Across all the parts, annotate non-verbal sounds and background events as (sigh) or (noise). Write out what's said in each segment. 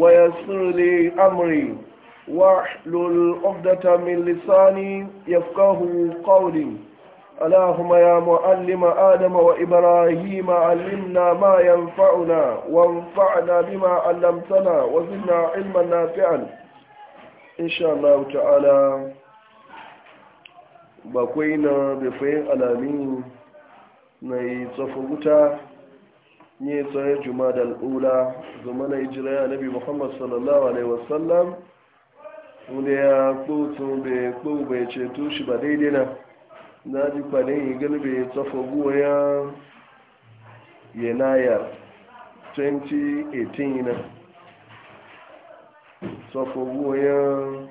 ويسر لي أمري واحلل عقدة من لساني يفقه قولي اللهم يا معلم آدم وإبراهيم علمنا ما ينفعنا وانفعنا بما علمتنا وزدنا علما نافعا إن شاء الله تعالى bakwai na bifayin alamin na yi tsofaguta ne tsaye juma da al'ula zama na ya nabi muhammad sallallahu alaihi wasallam wanda ya kutun bai kuru bai ceto shi ba daidai na na ji kwanin igal bai tsafa ya yanayar 2018 na tsafa goyon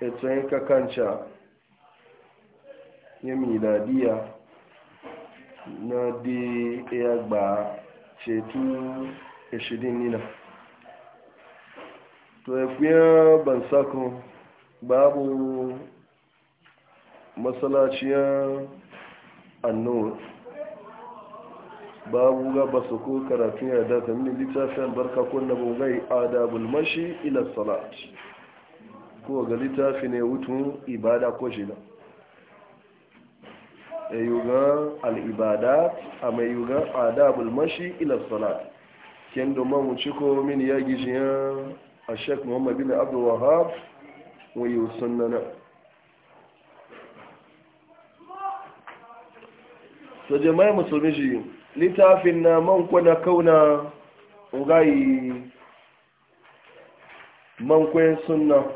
etsayin kakanca ya miladiya na di ya gbaa shetu ishirin nina to ya fiye ban sako babu matsalaciyar annowar babu gaba su ko karatun ya ta mini littafi barka ko na bugai adabul mashi ila salat ko ga littafi ne hutun ibada ko shida ya yi ga al'ibadat a mai yi adabul mashi ila salat ken domin mu ciko min ya gijiyan a sheik muhammad bin abdul wahab wa yi sannana? so jama'i musulmi ji littafin na man kwana kauna ugayi man sunna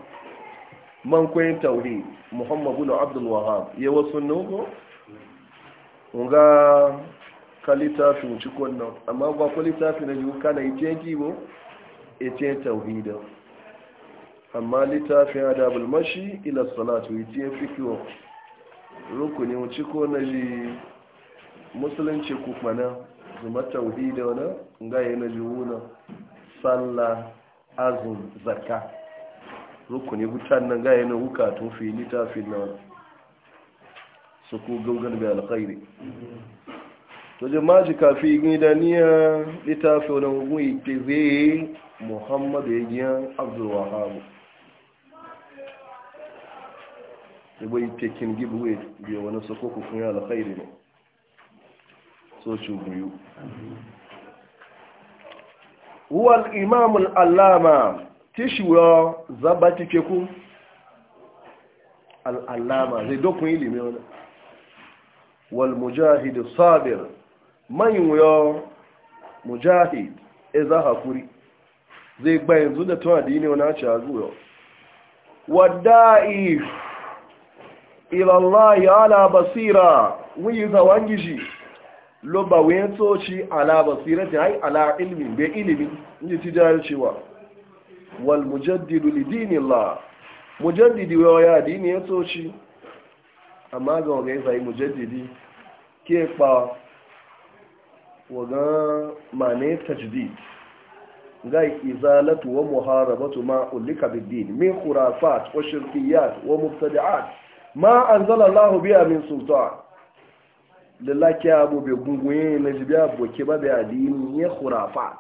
man kwayin tauri muhammad bin abdul wahab yawa sunna ko nga ka littafi ci kwanna amma ba ku littafi na yiwu kana itiyan kibo itiyan e tauhida amma littafin adabul mashi ila salatu itiyan fikiyo rukuni wuce na ji musulunci kukmana zuma tauhida wani nga yi na jiwu na tsalla azun zakka rukuni gutan nan ga yi na hukatun fi littafin na wani su ku gaugan alkhairi to ji kafi gidaniya littafi wani gwi ke zai muhammadu ya giyan abdul wahabu bai tekin gibuwe biya wani ku kun ya alkhairi ne so ci guyu huwa imamul allama tishiwa zabati keku al'allama zai dokun ilimi wani والمجاهد الصابر من يو مجاهد إذا هكوري zai gba yanzu da tuwa da yi ne wani haci a zuwa wada'i ilallahi ala basira wuyi zawon gishi lo ba wuyen tsoci ala basira ta hai ilimin bai ilimin inji ti jari cewa wal mujaddidu lidinillah mujaddidi wa ya dini ya tsoci amma ga waga ya sayi mujaddidi ke kpa waga mane tajdid ga izalatu wa muharabatu ma ulika biddin min khurafat wa shirkiyat wa mubtadi'at ma anzala Allah biya min sultan lalaki abu bai gungunye na ji biya boke ba bai adini ya khurafat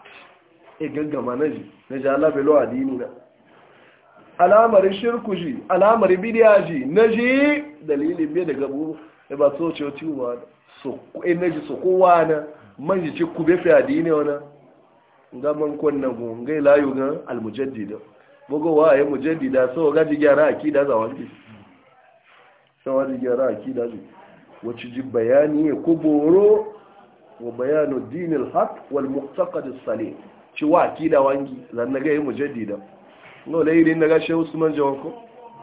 e gaggama na ji na ji Allah bai lo adini na alamar shirku ji alamar bidiya ji na ji dalilin bai daga bu da ba so ce wata yiwuwa so kuɗi eh, na ji so kowa na man ji ci kube fi adini wana ga man kwanna gun ga layu ga almujaddida bugo a yi mujaddida so ga ji gyara kida za wani so gaji ji gyara kida ji wacce ji bayani ko boro wa bayanu dinil haq wal muqtaqad as-salim ci wa kida wangi zan ga ya mujaddida no da irin daga shehu usman jawanko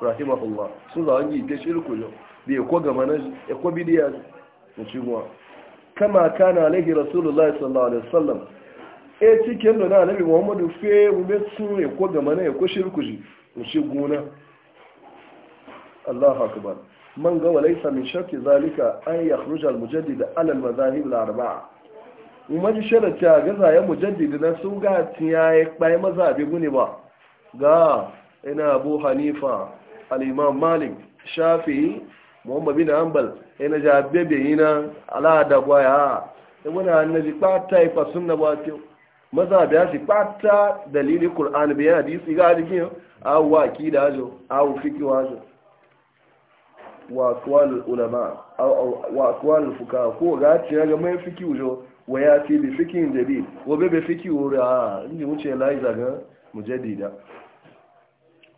allah sun zawon yi ta shirku yau da ya ko gama na ya ko bidiya na ciguwa kama na alaihi rasulullah sallallahu alaihi wasallam e cikin da na annabi muhammadu fe mbe sun ya ko gama na ya ko shirku ji na gona. Allahu akbar man ga walaysa min sharti zalika an yakhruj al mujaddid da alal madahib al arba'a umma ji sharata ga zayan mujaddid na su ga maza a mazabi gune ba ga ina abu hanifa al'imam malik shafi muhammad bin hanbal ina ja bebe yina alada gwaya e na ji pata ifa sunna ba ce maza da shi pata dalili qur'an bi hadisi ga dikin awu akida ajo awu wa wajo wa aqwal ulama wa aqwal fuka ko ga ci ga mai fiki ujo wa ya fi bi fiqi jadid wa bebe fiqi ura inji mun ce lai zaga mujaddida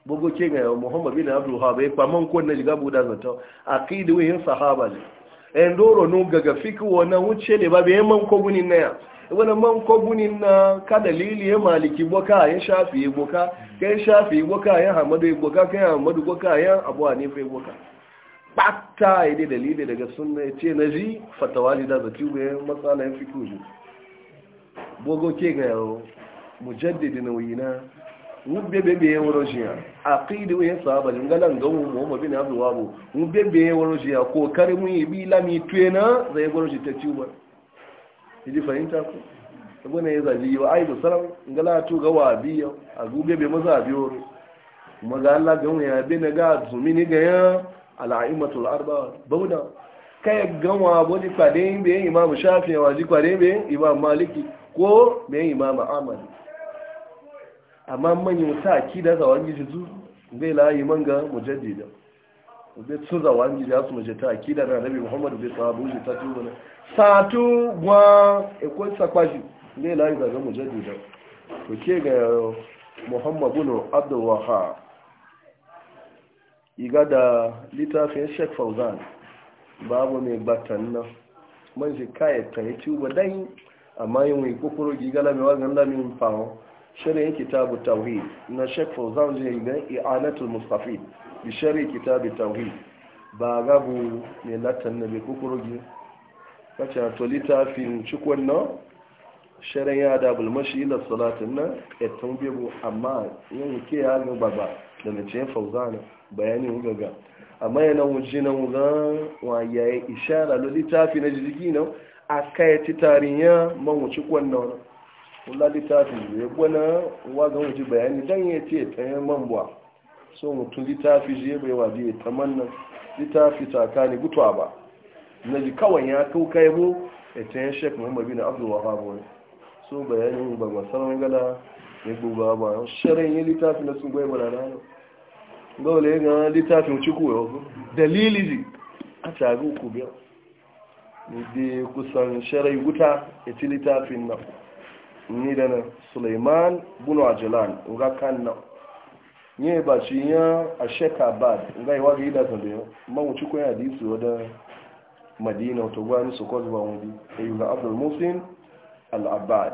bugu ke ga muhammad bin abdul wahab ya eh, kwaman ko na jiga buda zato aqidi wa sahaba ne en eh, doro nu gaga fiku wannan wuce ne ba be man ko gunin na ya wani man ko gunin na ka dalili ya maliki boka ya shafi boka kai shafi boka ya hamadu boka kai hamadu boka ya abu hanifa boka batta ya dai dalili daga sunna ya ce na ji fatawa ji da zaki ga matsalayin fiku ne Bogo ke ga mujaddidin wina mubebe be ya waro shi ya aqidi wa sahaba din galan ga mu bin abdul wabu mubebe ya waro shi ya ko kare mu yi bi lami tuena zai waro shi ta ciwa idi fahimta ku abu ne ya zaji wa salam ngala tu ga a gube be maza biyo Allah ga mu ya ga zumini ga ya arba bauda kai gawa kwade be imam shafi wa ji kwade be imam maliki ko be imam ahmad amma manyan ta akida zawon gidi zu zai layi man ga mujaddida bai su zawon gidi su muje ta kida na nabi muhammad bai sahabu shi ta tuba na satu gwa ikwai sakwashi zai layi zaga mujaddida Ku ke ga muhammad bin abdul wahab iga da littafin sheikh fauzan babu mai batan nan man shi kayan ta yi tuba dan amma yin wai kokoro gigala mai wagan lamin fawon sharhin kitabu tauhid na Sheikh Fauzan Jaibe i'anatul mustafid bi sharhi kitabu tauhid ba gabu ne latan nabi kukurugi kace to litafin cikon na sharhin adabul mashi ila salatin na etun bebo amma yin ke ya ga da ne Sheikh Fauzan bayani gaga amma yana wujina ga wa yayi ishara lo litafi na jiki na akai titarinya man wuci kwanna kula littafin da ya gwana wagon wuce bayani dan ya ce ta yi manbuwa so mutum littafi je bai wa waje ta mannan littafi tsakani gutuwa ba na ji kawai ya kauka yabo ya ta yi shek muhammadu bin abdul wahab wani so bayanin ba masarar gala ya guba ba shirin yi littafi na sun gwaiba na rana dole ga littafin ciku ya wasu dalili ji a tagu ku biya ne da kusan shirai guta ya ci littafin nan ni da na suleiman bunu ajilan nga kanna nye ba shi ya a shekabad nga yi waga ida zan da yau mawuci ya disu wadda madina wato gwani su kwa zuba wadi e a yi ga abdul musin al'abad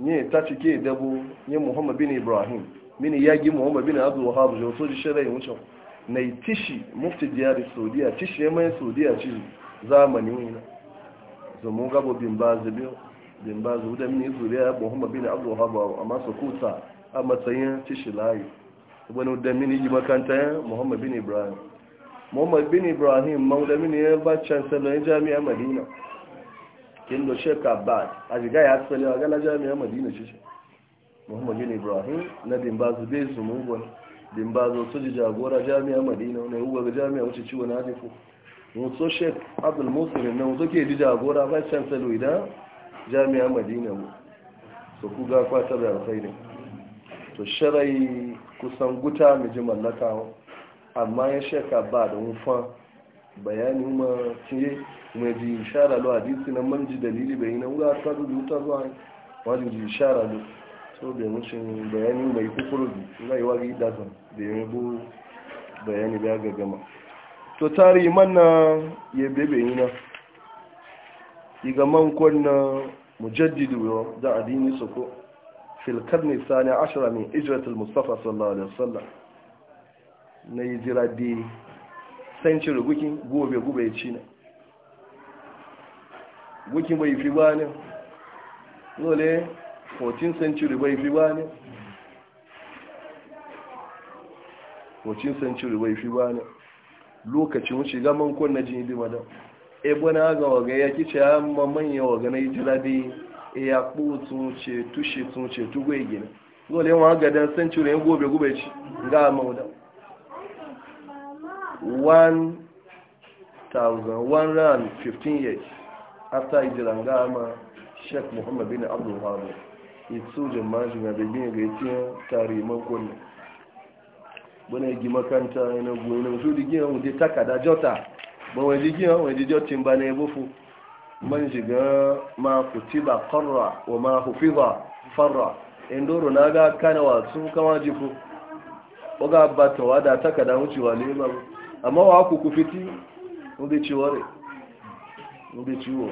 nye ta cike dabu nye muhammad bin ibrahim mini yagi muhammad bin abdul wahab zai wato ji shirai wucin na yi mufti diyari saudiya tishi ya mai saudiya ci zamani wina zamu gabo bin ba zabiyo bin ba zuwa da mini zuriya muhammad bin abu haba a su kuta a matsayin tishilayi wani da mini ji makanta ya muhammad bin ibrahim muhammad bin ibrahim mauda mini ya ba jami'a madina kin shek sheikh ya tsali a gana jami'a madina shi muhammad bin ibrahim na bin ba zuwa bai su mugun bin ba zuwa na yi ga jami'a wuce ciwo na na ke ji jagora jami'a madina mu su ku ga kwata da alkhairin to sharai kusan guta mu ji mallaka amma ya sheka ba da wufa bayani ma ce mai ji shara lo hadisi na manji dalili bai na wuga ta zuwa ta zuwa wani ji shara lo so bai mushi bayani mai kukuru zai wari dazan da ya bu bayani ba ga gama to tari manna ya bebe yi na iga man kunna mujaddidu yo da adini ko fil karni sani ashara min ijratul mustafa sallallahu alaihi wasallam na hijira di century gukin gobe gobe ya ci ne gukin bai fi ba ne lole 14th century bai fi ba ne 14th century bai fi ba ne lokacin shiga man kunna jini dimada ebe na aga waga ya kice mma ma manya waga na ijirabi ya kputu ce tushe tun ce tugo igina gole wa ga dan century gobe gobe ci ga rand 1115 years after ijila nga ama Sheikh Muhammad bin Abdul Wahab itsu jama'a ga bibin ga yace tare man kullu bana gi makanta ina goyi na mutu digiya mu dai takada jota ba wai jiki ha wai jiki otin ba na ya man shiga ma kutiba qarra wa ma hufiza farra indoro na ga kana wasu kama jifu ga bata wada takada wucewa ne ba amma wa ku kufiti ndi ciwore ndi ciwo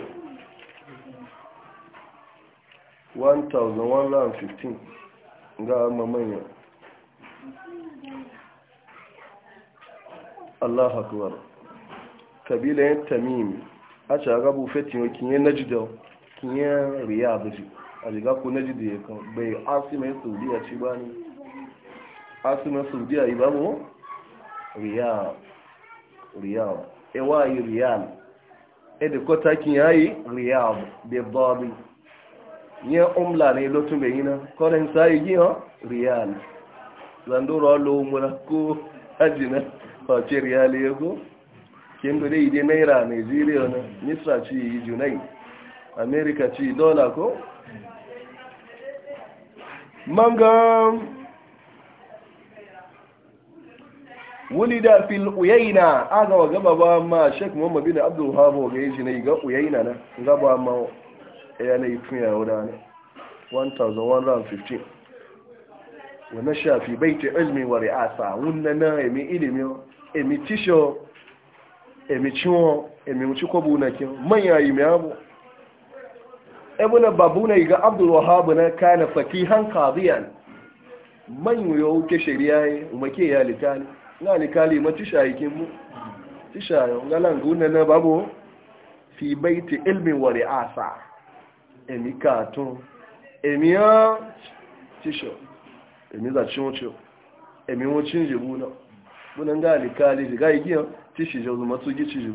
1115 ga mamanya Allah akwai kabila yin tamimi a ci aga bufe tiyo kinye najida kinyen riya abuji a jiga ko najida ya kan bai asima ya saudiya ci ba ni asima saudiya yi babu riya riya ewa yi riya ede e ko takin yayi riya be babu nye umla ne lotun be yina koren sai gi ho riya zanduro lo mura ko ajina fa ci riya le go kin da dai dai na nigeria ne misra ci junai america ci dola ko manga wulida fil uyaina aga wa gaba ba ma sheik muhammad bin abdul wahab ga yi ne ga uyaina na gaba ma ya ne tunya wada ne 1115 wa shafi fi baiti ilmi wa ri'asa wunna na yami ilmi emi tisho emi ciwo emi mu ciko buna kin manya yi mai abu ebuna babuna ga abdul wahhab na kana fakihan qadiyan man yo ke shari'a yi umake ya litali na likali ma tishayi kin mu tishayo ngalan guna na babu. fi baiti ilmi wa ri'asa emi katun emi ya tisho emi za cin wuce emi wucin Buna bunan ga likali ga igiyan tishijo zuma su gishijo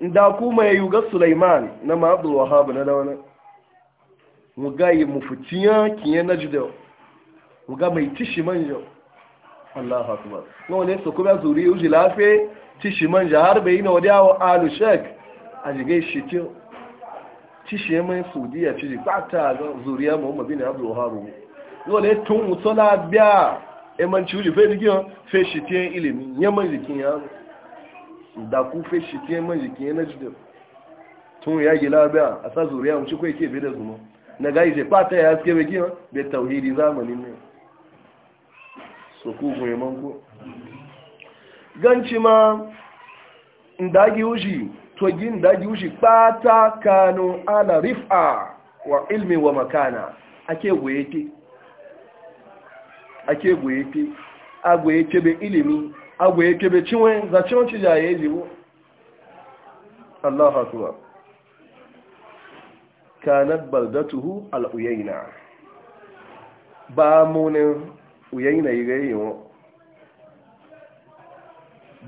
da kuma ya yi ga suleiman na ma'abdul wahab na da wani muga yi mufutiya kinye na judewa muga mai tishi manja Allah akbar na wani su kuma zuri uji lafe tishi manja har bai yi na wadi awon alu shek a jigai shi kyau tishi ya mai saudiya ciji kwata ga zuriya muhammadu bin abdul wahab ne wani tun mutola biya emanci wuli fai digiyar fai shi tiyan ilimin yaman jikin ya da ku fai shi man jikin na jidar tun ya gila biya a sa zuriya mu ci kwai ke da zuma na gaji je fata ya haske bai gina bai tauhidi zamanin ne so ku goye manko ganci ma ndagi wuji to gin ndagi wuji fata kanu ala rif'a wa ilmi wa makana ake goye ke ake goye fi agwaye kebe ilimi agwaye kebe cinwe za cinwon ci jaye jibo Allah hakuwa kanat baldatuhu al'uyaina ba munin uyaina yi gayyewa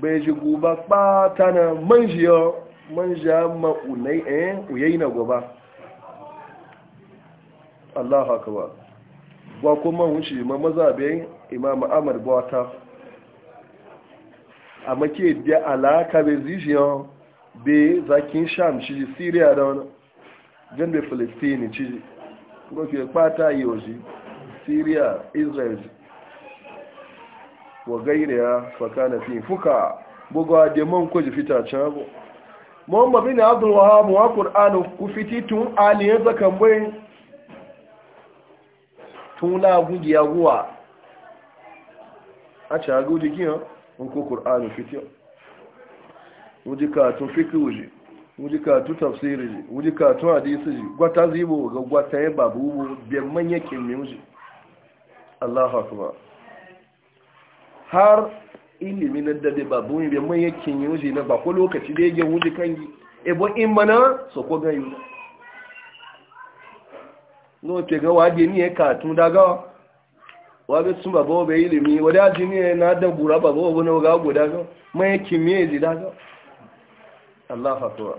bai ji guba ɓata na manjiya manja ma'unai eh uyaina guba Allah hakuwa ba kuma wuce ma mazaben imam amar bota a maki da alaka bai zijiyan bai zakin sham shi syria da wani jan filistini ci gofe kwata yoji syria israel wa gairiya na fi fuka bugawa da man kwaji can abu muhammadu bin abdul wahab wa qur'anu ku fiti tun aliyar bayin tun ya guwa a ṣàgó di gíyàn ń kó kùránù fítíọ̀ wujika tun fikir wuji wujika tun tafsiri ji wujika tun hadisi ji gwata zibo ga gwata ya babu ubu biyan manyan kimmi wuji allahu akbar har ilimi na dade babu biyan manyan kimmi wuji na bako lokaci da ya wuji kan yi ebo in mana so ko gayu no ga waje ni ka tun daga wabe sun babo be ilimi wada ji ni na da gura baba na ga guda ga mai kimiye ji daga Allah fatuwa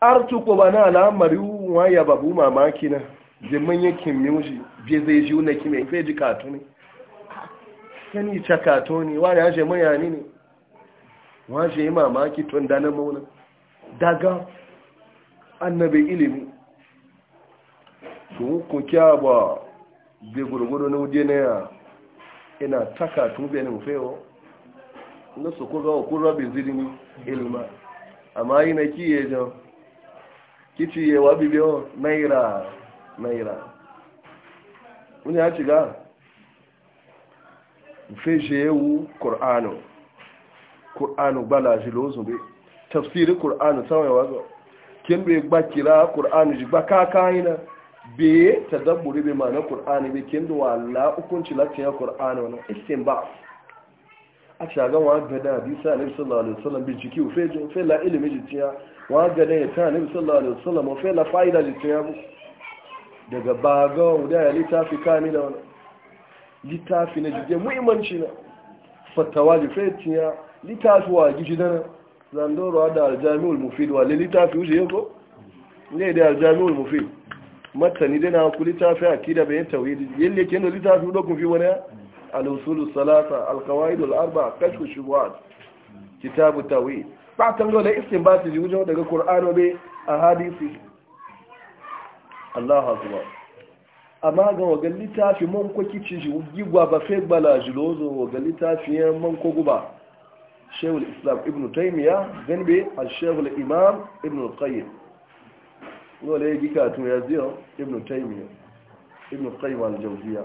artu ko ba na al'amari wa ya babu mamaki na jimin yakin miuji je zai ji na kime sai ji katu kani cakato ne wani ashe mayani ne waje yi mamaki tun da na mauna daga annabin ilimi su hukun kya ba bai gurgudu na wuje na ya ina takatu benin fewa na su kuka wa kun rabin zirin ilma amma yi na kiye jan kici yawa bibiyo naira naira wani ya shiga feje yewu ƙor'anu ƙor'anu gbalaji lozun be tafsiri ƙor'anu samun wazo kin be gbakira ƙor'anu ji gbaka kayina be ta dabburi be mana ƙor'anu be kin da wala hukunci latin ya ƙor'anu na istin ba a shagan wa gada bisa ne sallallahu alaihi wasallam bi jiki. fe la ilimi jitiya wa gada ne ta ne sallallahu alaihi wasallam fe la fa'ida jitiya daga baga da ya littafi kamila wani littafi na jide muhimmanci na fatawa jifetin ya littafi wa gishi na zandorowa da aljami'ul mufid wa littafi wuce yanko ne da aljami'ul mufid matani dai na ku littafi a kida bayan tawhidi yalle ke da littafi da kun fi wani al-usulus salasa al-qawaid al-arba kashfu shubuhat kitabu tawhid ba tan dole istinbati wuce daga qur'ano be a hadisi Allahu akbar amma ga wagan littafi man kwaki ci shi gigwa ba fai gbala jilozo wagan littafi yan man kogu ba shehul islam ibn taimiya ganbe a shehul imam ibn qayyim wale ya gika tun ya ziyo ibn taimiya ibn qayyim al-jawziya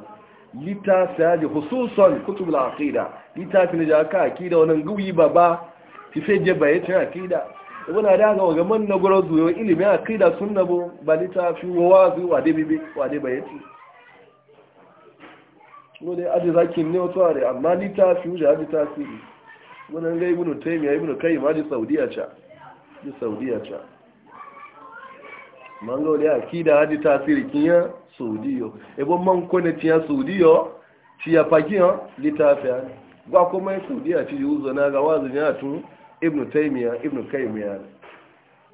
littafi ya ji hususan kutub al-aqida littafi ne da aka akida wannan guyi ba ba fi fe je bayyacin akida wuna da ga waga man na gura zuwa ilimin da sunna bu ba littafi wa wa dai bibi wa dai bayati de aji zaki ne wato are amma littafi wuce aji tasiri wani ga ibnu taymiya ibnu ma aji saudiya cha ji saudiya cha man ga wani akida aji tasiri kinya saudiyo ebo man kone tiya saudiyo tiya pakiyan littafi gwa kuma saudiya ci yuzo na ga ne a tun ibn taimiya ibn kaimiya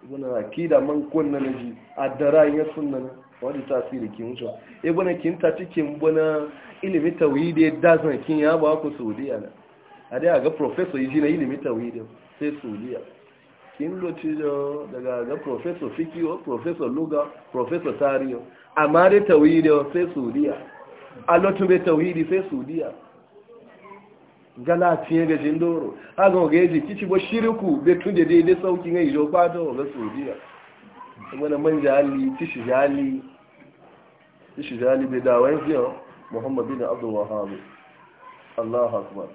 ibn akida man kunna na ji a dara ya sunna na wani tasiri kin wuce ibn kin ta cikin bana ilimi tawhidi dazan kin ya ba ku saudiya na a dai ga professor yi na ilimi tawhidi sai saudiya kin loci daga ga professor fikiyo professor luga professor tariyo amma dai tawhidi sai saudiya a lotun bai tawhidi sai saudiya gala fiye ga jindoro ha ga yaji kici ba shiriku bai tun da daidai sauki ne ijo kwato ga saudiya wani man jali tishi jali tishi jali bai da wani fiye oh. muhammad bin abdul wahab allah akbar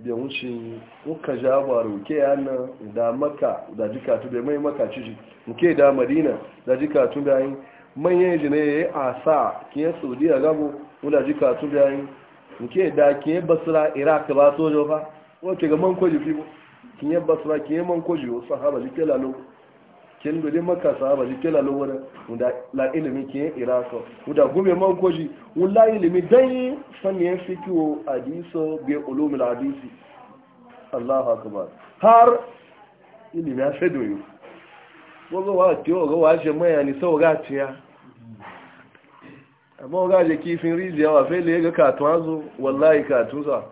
bai wuce muka ja nke ke na da maka da jikatu bai mai maka ciji muke da madina da jikatu da yi manyan jinaye a sa kiyar saudiya gabo wula jikatu da anyị. nke da ke basira iraq ba sojo ba wace ga man kwaji kin yi basira kin yi man kwaji wa sahaba ji kela lo kin gode maka sahaba ji kela lo wani wanda la ilimi kin yi iraq da gume man kwaji wula ilimi dan yi sanniyan fikiwo hadiso bi ulumul hadisi allahu akbar har ilimi ya shaido yi wazo wa ce wa ga wa ce maya ni sau ga ce ya amma waga je kifin rijiya wa fai ya ga katun hazo wallahi katun za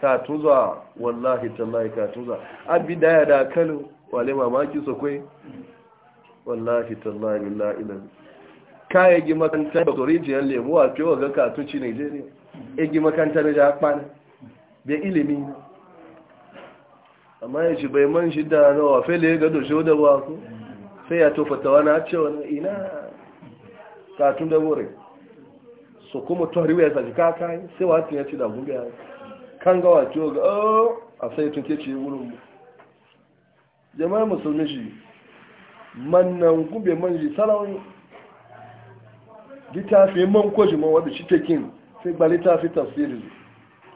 katun za wallahi tallahi katun abi daya da kano wale mamaki su kwai wallahi tallahi lillahi ilan kayayyaki makanta da rijiyar lemu a fiye ga katun ci nigeria egi makanta na japan da ilimi amma ya ci bai man shi da wa fai laye ga doshe ba ku sai ya tofata wani a cewa ina katun da wuri so kuma tori waya zaji kaka sai wasu ya ci da gumbi ya kan ga wato ga a sai tun ke ce wurin mu jama'a musulmi shi mannan gumbi man ji salawun littafi man kwaji man wadda shi tekin sai ba littafi tafsiri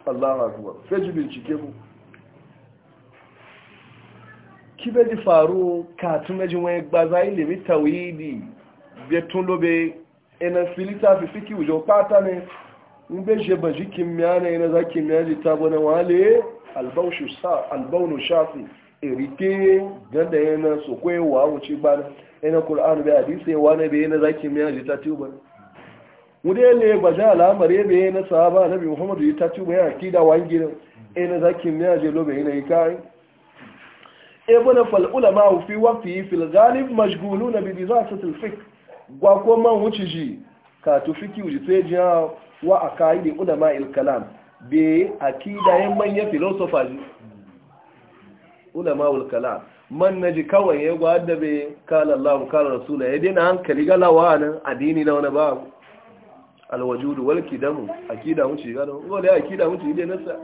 Allah akuwa sai ji bincike ku kibe di faru katun na jin wani gbaza ilimin tawhidi betun lobe ina filita fi fiki wujo pata ne in bai je ba jikin miya ne ina za ki miya jita ba na wale albaunu shafi erike ganda yana so kwaye wa wuce ba na ina kur'anu bai hadisi ya wane bai yana za kimiyya miya jita ti ba ya ne ba ja al'amar ya bai yana sahaba na bi muhammadu ya ta ti ba yana kida wangirin ina za kimiyya miya jelo bai yana yi kayi. kayan ابن فالعلماء في وقته في الغالب مشغولون بدراسة الفكر gwa ko man wuce ji ka tufi ki wuce sai jiya wa a kayi da ulama ilkalam be akida yin manya filosofa ji ulama ulkalam man na ji kawai ya gwa da be kala Allah kala rasula ya dena hankali galawa nan addini na wani ba alwajudu wal kidamu akida wuce ga don gole akida wuce dai nasa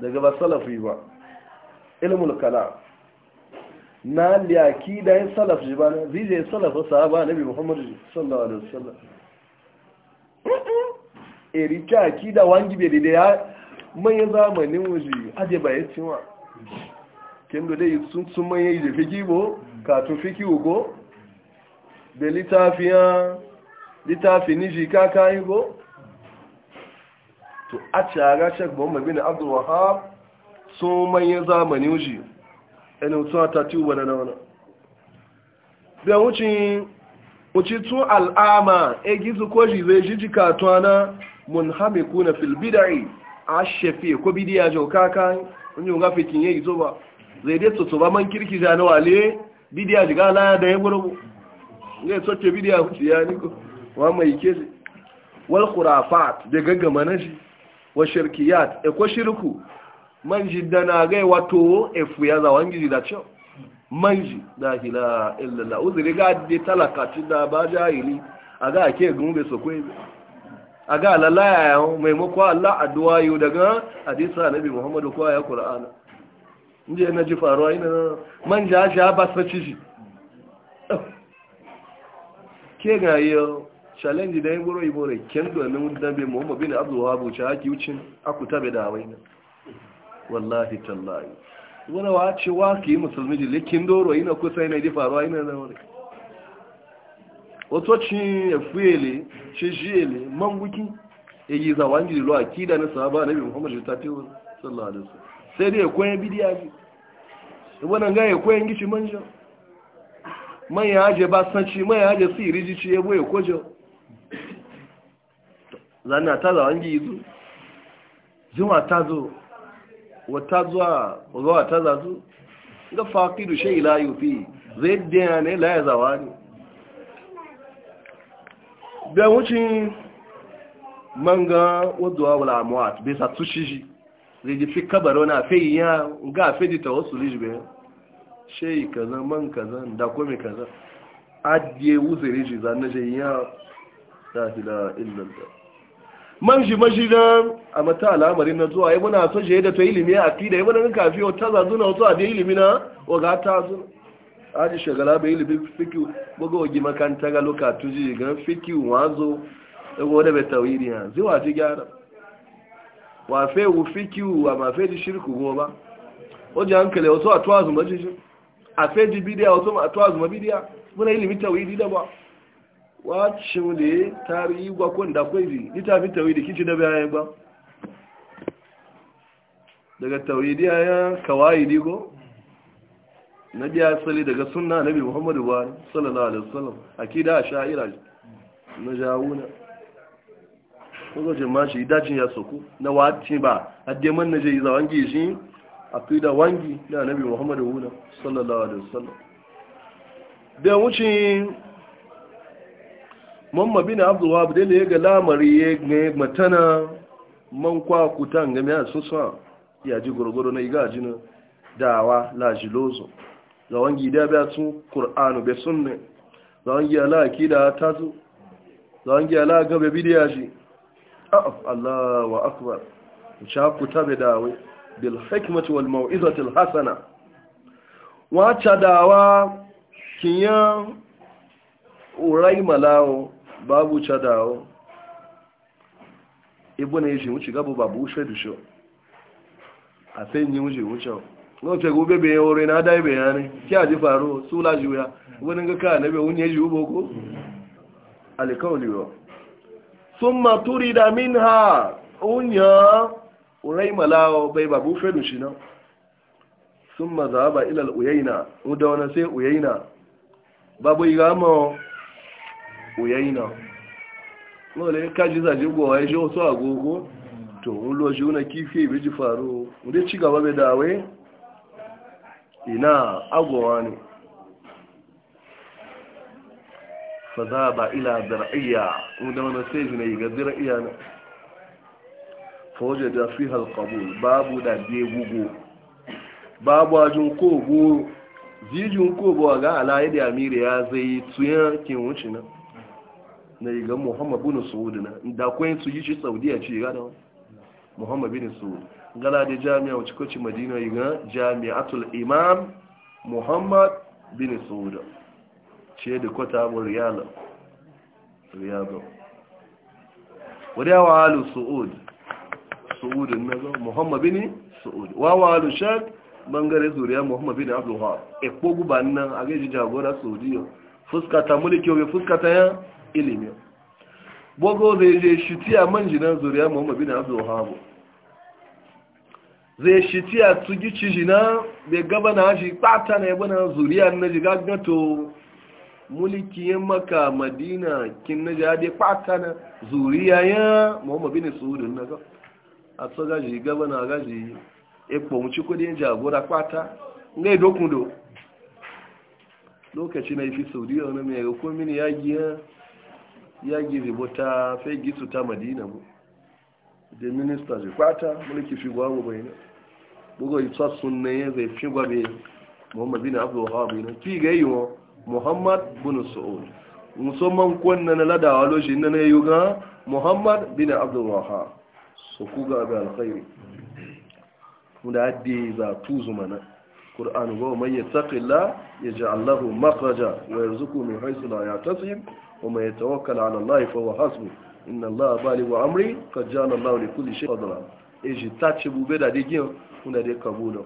daga ba salafi ba ilmul kalam na liyaki da yin salaf ji ba na zije salafa sahaba bi muhammadu sallallahu alaihi wasallam eri ta ki da wangi be da ya manyan zamanin wuji aje ba ya cinwa kendo dai sun sun manyan da fiki bo ka to fiki ugo da litafiya litafi ni ji ka kai go to a tsara shek bomba bin abdul wahab sun manyan zamanin wuzi. ẹni tún àtàtí wọ̀ nana wọn. bí àwọn cin uci tún al'ama egi tún ko shi zai shi jika tuwana mun hami kuna filbidari a ko ya zai man kirki na wale bidiya jiga laya da ya gurbu zai soke bidiya wuce mai na shi wa shirkiyat e shirku manji dana gai wato efu ya zawon gidi da cewa manji da hila illallah uzuri ga de talaka ci da ba jahili a ake gumbe su kwe a ga lalaya ya maimako Allah addu'a yau daga hadisa nabi Muhammadu ko ya Qur'ana inda na ji faruwa ina manja ja ba sa ci shi oh. ke ga yau challenge da yin goro ibore na domin dabbe Muhammad bin Abdul Wahab cha haki wucin akuta be da waina wallahi tallahi wani wa ce wa ka yi musulmi da likin doro na kusa yana yi faruwa yana da wani wato ci ya fuyele ci jiyele manguki ya e yi zawon jiri lo kida na sahaba na biyu muhammadu ta tewa sallallahu alaihi sai dai ya koyan bidiya ji wani ga ya kwaye gici manja man ya haje ba sanci man ya haje su yi ci ya boye kojo zanna ta zawon gizo juma ta zo wata zuwa zuwa ta zazu ga faqidu shay la yufi zai da ne la zawa ne. da wucin manga wadda wala amwat bai sa tushiji zai ji fi kabaro na fi ya ga fi di wasu ji bai shay kaza man kaza da kome kaza adiye wuzuri ji zan na je ya la ilaha illanta. man shi mashi da a mata al'amarin na zuwa ibuna so je da to ilimi a fi da ibuna nuka fi wata zazuna wasu a da ilimi na waga ta zuna aji shagala bai ilimi fikiu buga wagi makanta ga loka tuji ga fikiu wazo ɗago da bai tawiri na zuwa ji gyara wa fe wu fikiu wa ma fe ji shirku goma ji hankali wasu a tuwa zuma ji a fe ji bidiya wasu a tuwa zuma bidiya muna ilimi tawiri da ba wacce wule tarihi gwakon da kwaiji littafin tawhidi kici da bayan ba daga tawhidi ya kawai digo na biya asali daga sunna nabi muhammadu buhari sallallahu alaihi wasallam akida a sha'ira na jawuna kwazocin ma shi dajin ya soko na wati ba man na jai zawangi shi da wangi na nabi muhammadu buhari sallallahu alaihi wasallam da wucin mamma bin abdul wahab dai ya ga lamari ya ga matana man kwa kutan ga miya sosa ya ji gurguru na iga jina dawa la jilozo da wangi da biya su qur'anu be sunne da wangi ala akida ta zu da wangi ala ga be bidiya ji Allah wa akbar cha ta be dawe bil hikmati wal mau'izati al hasana wa cha dawa kiyan urai malawo babu chadao ibu na yi wuce gabu babu wuce dushe a sai yi wuce wuce wọ́n tẹ̀ gobe bẹ̀yẹ orin na dai be ani? Ki aji ji faru Sula lájú ya wani ga ká nabe wun yẹ ju boko alikawuli wa sun ma turida min ha unya urai malao bai babu du shi na sun ma za ba uyaina udawana sai uyaina babu igamo oyai na n'o ka jiza je gwa ọ ya iji ọsọ agogo to onye lo ọchuru una kie kie ị faru iji faruu ndị chiga ọ bụla ị dawa ị na agwa ọ na fa zaa baa ila abiri eya ndị ọ na saizi na yiga ndị ụra ị na fawwujadi afi halkọhụ babu dade gụgụ babu ajum koobu viji ga ala yi dị ya zai tụ ya nke ụmụnwuchi na. na igan muhammad bin saudi na da kwayin su yi shi saudiya ce gada muhammad bin saudi gala da jami'a wacce kwaci madina yiga jami'atul imam muhammad bin saudi ce da kwata abu riyala riyadu wadawa halu saudi saudi na zo muhammad bin saudi wawa halu shak bangare zuriya muhammad bin abdullahi ekpo gubanin nan a gaji jagora saudiya fuskata mulki obi fuskata ya ilimi bogo zai je shitiya manjinan zuriya muhammad bin abdul habu zai shitiya tugici jina bai gaba na shi kpata na yaba na zuriya na jiga gato mulkiyin maka madina kin na jade kpata na zuriya ya muhammad bin suudun na ga a tso gaji gabana na gaji ikpo mu ci kudin jagora ɓata ne dokundo lokaci na ifi saudiya wani mai hukumin ya ya giri bota fai gisu ta madina mu da minista zai kwata mulki fi gwamu bai na bugo isa sunne ya zai fi gwabe muhammad bin abdul wahab na ki ga yi wa muhammad bin saud musamman kwanna na ladawa loshi na na yi ga muhammad bin abdul hawa su ku ga abu alkhairi da haddi za tu zuma na qur'an wa man yattaqilla yaj'al lahu makhraja wa yarzuqhu min haythu la yahtasib وما يتوكل على الله فهو حسبه ان الله بالغ amri قد جعل الله لكل شيء قدرا eji tace bube da digin kuna dai kabuna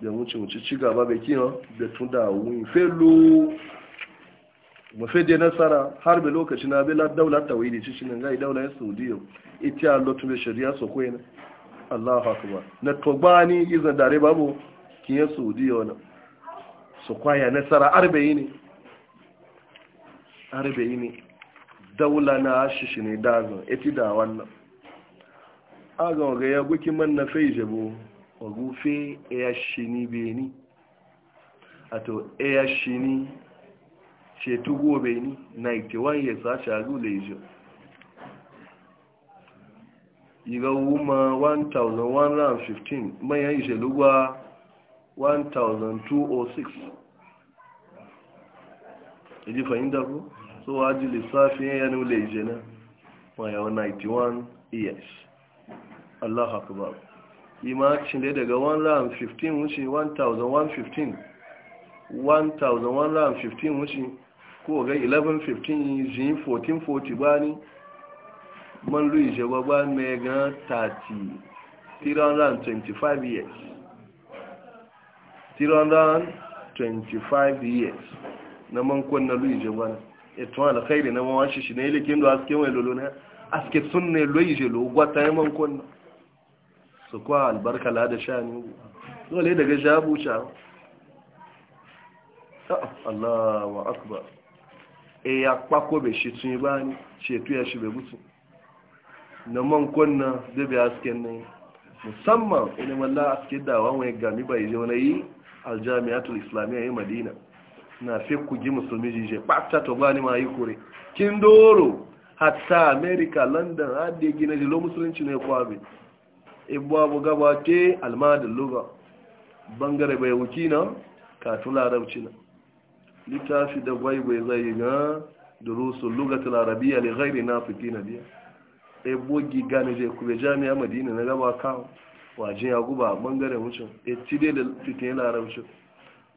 da muci wuce ci gaba bai kiyan da tun da wuyin felu mafi dai nasara har bai lokaci na bai daular tawili ci shi nan gai daular saudiya ita lotun bai shari'a so kwai na allahu akbar na togbani izan dare babu kiyan saudiya wani su kwaya nasara arba'in ne harbe ne daula na shi ne dazon eti da wannan agan ga ya guki man na fai jabo wa ya shi ni beni a to ya shi ni ce tugo beni 91 years a shagu da ijo iga wuma 1115 manyan ijelugwa 1206 idi fahimta ko? so waji lissafi ya nule jina waya 91 years Allah akbar imacin da daga 115 wuce 1115 1115 wuce ko ga 1115 jin 1440 bani man lu ijeba ba ne ga 30 325 years 325 years na man kwanna lu ijeba ètò àlàkàìrì na wọ́n wá ṣiṣì ní ilé kí n lọ aske wọn èlò lónà aske tún ní ló ìṣèlú gbọ́ta ẹmọ́ nǹkan náà sọkọ́ àlùbáríkà láàdẹ̀ ṣáà ní ìwò lọ́wọ́ lè dẹ̀gẹ́ ṣáà bú ṣáà Allahu akbar e ya kpako bai shi tun yi ba ni shetu ya shi bai na man kwanna zai bai aske ne musamman ilimin aske dawa wani gami bai yi wani yi islamiyya yi madina na fi kugi musulmi jije ɓata to ba ni ma yi kure. kin doro hatta america london hadde gina jilo musulunci ne bi ibu abu gaba te almadin luga bangare bai wuki na katu larabci na littafi da gwai bai zai na durusun lugat larabiya ne gairi na fiti na biya ibu giga ne je kube jami'a madina na gaba kawo wajen ya guba bangare wucin e ci cide da fitin larabcin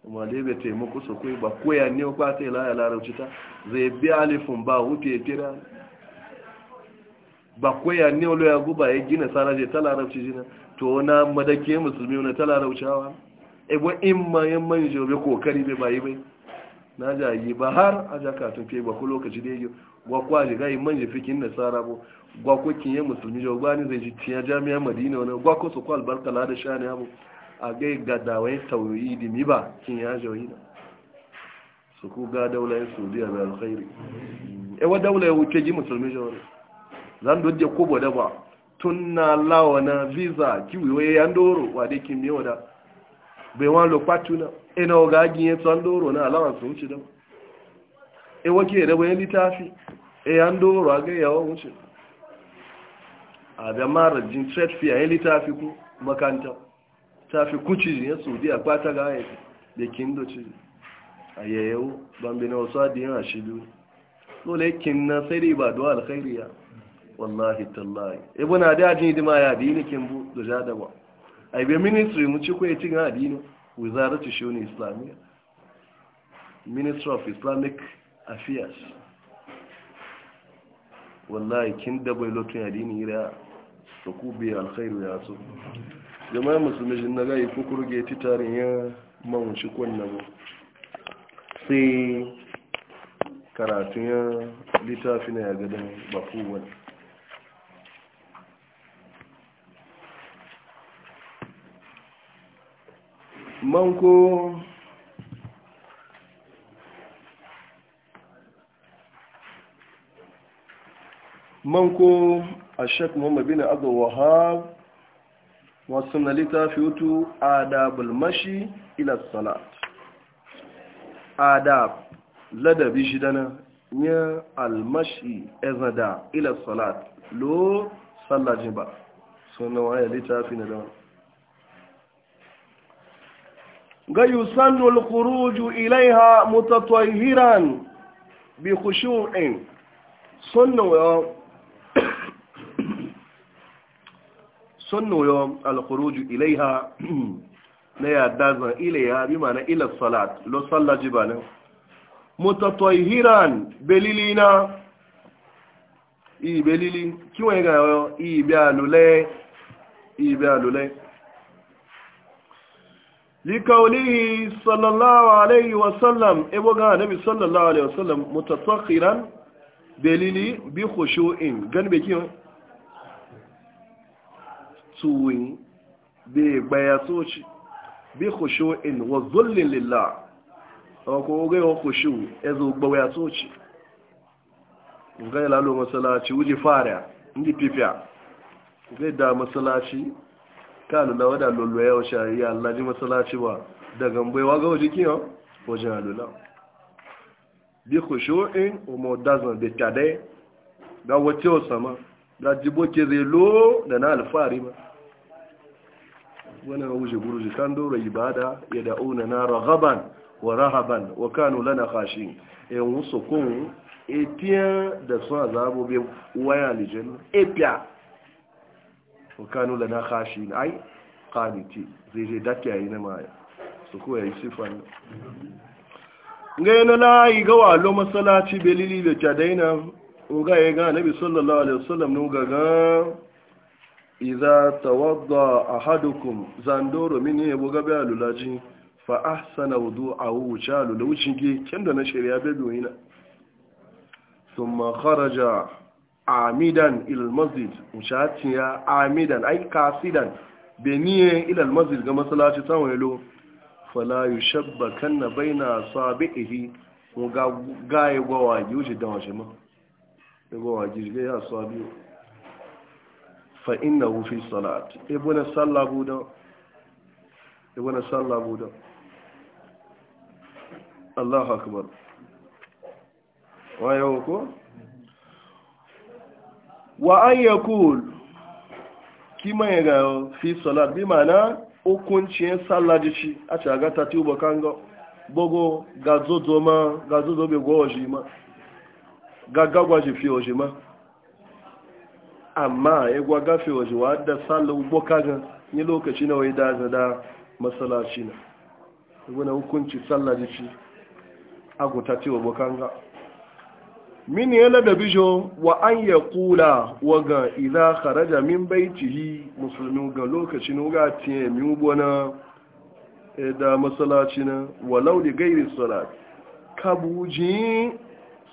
kuma da bai taimako su kai ba koya ne kwa ta ilaya larauci ta zai bi alifin ba wuce ya ba koya ne wani ya guba ya gina saraje ta larauci jina to na madake musulmi na ta laraucawa ebo in ma yan manje bai kokari bai bayi bai na yi ba har a jaka tun ba gwakwa lokaci da yake gwakwa ji gayi manje fikin bo tsara ko kin kinye musulmi jau gwani zai ji tiya jami'a madina wani gwakwa su kwa albarka la da shani abu a gai gadawai tauyi mi ba kin ya jawi na su ku ga daula ya saudiya mai alkhairi ewa daula ya wuce ji musulmi jawari zan dodje ko bada ba tun na lawa na visa kiwiwe ya ndoro wa dai kin mewa da bai wa wani lokpatu na ina oga agin ya tsan doro na alawan su wuce da ba ewa ke da bayan litafi. e ya ndoro a gai yawa wuce a da marajin trade fair ya litafi ku makanta ta fi kuci ya tsodi a kwata gaya da kindo ci a yayyau bambina wasu adiyan a shi biyu. dole kin na sai da ba duwa alkhairiya wallahi tallahi ibu na da ajin hidima ya adini kin bu da ja da ba a ibe ministry mu ci ko ya cin adini wizaratu shuni islamiyya ministry of islamic affairs wallahi kin da bai lotun adini ira su ku bi alkhairu ya so jama'a musulmi shi na gai kukurge titarin ya mawuci kwanan mu sai karatun ya littafi na ya gadon bafuwan manko manko a shek muhammadu bin abdullahab wasu na littafi hutu adabul mashi ila salat adab ladabi shidana ya almashi ezada ila salat lo sallajin ba suna waya littafi na dawa ga yusannu alkhuruju ilaiha hiran bi khushu'in sunna wa sunnu yawon alkhuruju ilaiha (clears throat) na yadda zan ilaiha bi ma na ila salat lo salla jibanin mutatoihiran belilina ibelili kiwon ga yawon ibe alule ibe alule لقوله صلى الله عليه وسلم ابو غا نبي صلى الله عليه belili متطهرا دليلي بخشوع غن بكيو suwin bai gbaya soci bi kusho in wa zullin lilla ko gai wa kusho ya zo gbaya soci gai lalo masalaci wuji fara ndi pifiya gai da masalaci ka lula wada lullu ya wuce ya allaji masalaci ba daga mbaiwa ga waje kiyo wajen lula bi kusho in umu dazan da tade ga wace sama da jibo ke zai lo da na alfahari ba wani wuce guruji kan dora ibada ya da'una na raghaban wa rahaban wa kanu lana kashi e wuso kun etiya da sun azabo be waya lijen epiya wa kanu lana kashi ai qaniti zai je dake yi na maya su ko yayi sifan ngai na layi ga walo masallaci belili da ta daina ga ya ga nabi sallallahu alaihi wasallam nun ga ga iza tawadda ahadukum zandoro min ya buga bi alulaji fa ahsana wudu'ahu wuce alulawucin ge kenda na shari'a bai biyu yana summa kharaja amidan ilal masjid wuce ya amidan ai kasidan beniye ilal masjid ga masalaci ta wani fala yushabbakan na baina sabihi ga gaye gwawaji wuce da wace ma gwawaji ga ya sabihi fa inna fi salat ibuna sallah da, ibuna sallah budan Allahu akbar wayo ko wa an yakul kima ya ga fi salat bi mana hukuncin sallah da shi a ci aga tati ubo kango bogo ga zozo ma ga zozo be gwo ojima ga gagwa ji fi ojima amma ya gwagafe wa shi wadda sallar boka ga yi lokaci na wai da da masalaci na wani hukunci sallar da a aguta cewa ga mini yana da bijo wa an ya kula wa ga iza kharaja min baitihi musulmi ga lokaci na ga tiye mi ubona e da masalaci na walau da gairi salat kabujin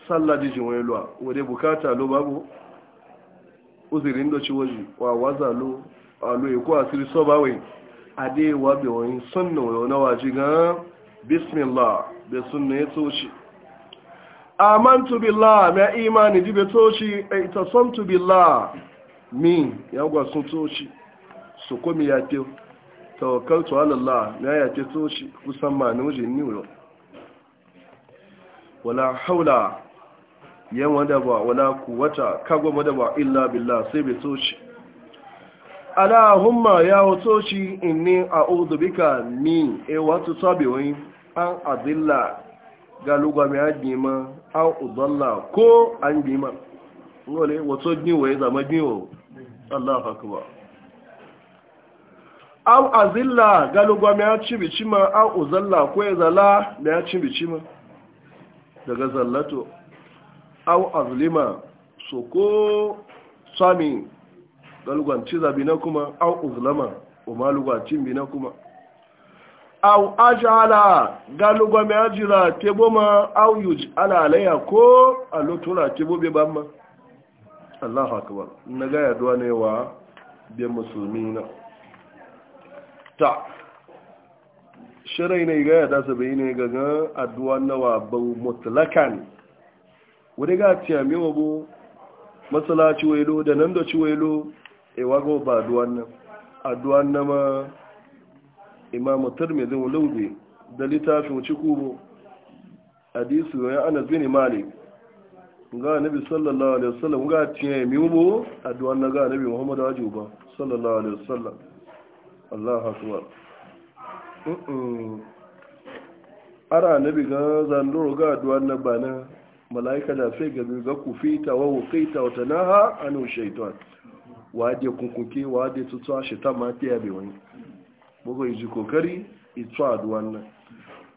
sallar da shi wani lo babu uzirin da ci waje wa waza lo alo ya kuwa siri so ba wai wa bi wani sunna wa na waje ga bismillah da sunna ya toci amantu billah ma imani di be toci itasamtu billah min ya gwa sun toci su komi ya te tawakkaltu ala na ya ke toci kusan ma ni waje ni wala haula yan wada ba wala kuwata kagwa wada ba illa billah sai bai soci alahumma ya a inni a'udhu bika min e watu sabiwin an adilla galuga mai ajima an uzalla ko an gima ngole wato gniwo ya zama gniwo Allah akbar an azilla galuga mai cibici ma an uzalla ko ya zala ya cibici ma daga zallato aw azlima so ko sami galuganci ciza na kuma aw uzlama o malugwa cin bi na kuma aw ajala galugwa mai ajira tebo ma aw yuj ala alaya ko alotura tebo be bamma Allahu akbar na ga yaduwa ne wa bi musulmina ta shirai ne ga yada sabai ne ga addu'an nawa bau mutlakan wani ga tiya mewa bu matsala ciwailo da nan da ciwailo e wago ba aduwan nan aduwan na ma imamu tarmidin wulaubi da littafin cikubo hadisu ya ana zini malik ga nabi sallallahu alaihi wasallam ga tiya mewa bu aduwan na ga nabi muhammad ba sallallahu alaihi wasallam allah akbar ara nabi ga zandoro ga aduwan na na. mala'ika na fe ga ga kufita wa wuqita wa tanaha anu shaytan wa de kunkuke wa de tutsa shaytan ma ta yabe wani bugo yi kokari a aduwan nan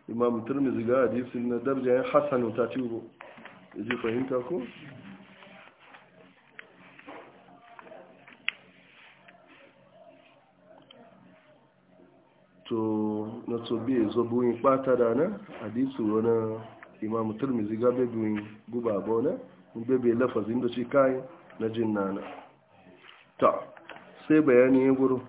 imam tirmidhi ga hadisi na darja ya hasan ta tubo ji fahimta ko to na so biye zo buyin pata da na hadisi wani imamu turmizi ga beduin guba bona bebe lafazin da shi kayan na jin nana ta sai bayani ya guru